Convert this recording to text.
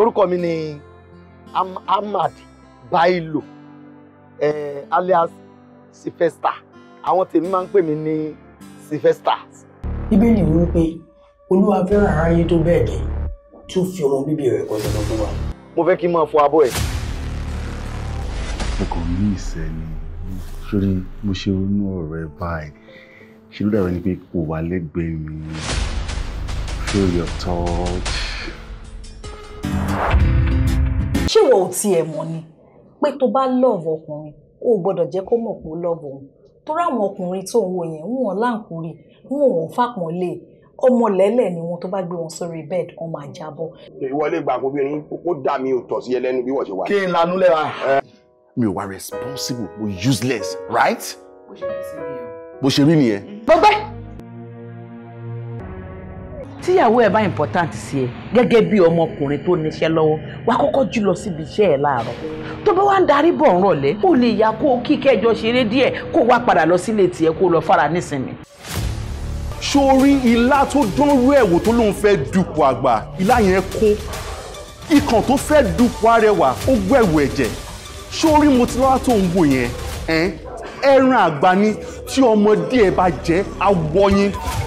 orúkọ mi ni Ahmad Bailo eh, alias Sylvester àwọn tèmi máa ń pè mí ní Sylvester. bíbélì wí pé olúwa fẹ́ràn aráyé tó bẹ́ẹ̀ gẹ́ tí ó fi ọmọ bíbí rẹ̀ kọ́ dandan fún wa. mo fẹ́ kí n máa fọ abọ́ ẹ̀. ọkàn mi ìṣẹ́ ni sórí mo ṣe ronú ọ̀rọ̀ ẹ báyìí ṣe ló dàbí ẹni pé kò wà lẹ́gbẹ̀ẹ́ mi feel your touch ṣé ìwọ ò tiẹ̀ mọ̀ ni pé tó bá love ọkùnrin o gbọ́dọ̀ jẹ́ kó mọ̀ pé ó love òun torí àwọn ọkùnrin tó ń wo yẹn wọn láǹkúrì wọn ò fàpọ̀nlé ọmọ lẹ́lẹ̀ ni wọn tó bá gbé wọn sórí bed wọn máa jábọ́. ìwọ lè gbà obìnrin ó dà mí ò tọ̀ sí ẹlẹ́nu bí wọ́n ṣe wà. kí n lanú lẹ́wà. mi ò wá responsible mo useless right. bó ṣe rí nìyẹn. bó ṣe rí nìyẹn. gbọ́gbẹ́ tíyàwó ẹ bá important sí ẹ gẹ́gẹ́ bí ọmọkùnrin tó níṣẹ́ lọ́wọ́ wàá kọ́kọ́ jù lọ síbi iṣẹ́ ẹ láàárọ̀ tó bá wá ń darí bọ̀ ńrọ̀lẹ́ ó lè yá kó kí kẹjọ ṣeré díẹ̀ kó wá padà lọ sílé tiẹ̀ kó lọ fara nísinmi. sórí ilá tó dánrú ẹ̀wò tó lóun fẹ́ dupò àgbà ilá yẹn kó ikàn tó fẹ́ dupò arẹwà ó gbẹ̀wò ẹ̀jẹ̀ sórí mo ti lọ́wọ́ tó ń wò yẹn ẹran àgbà ni tí ọmọdé ẹ bá jẹ́ awọyin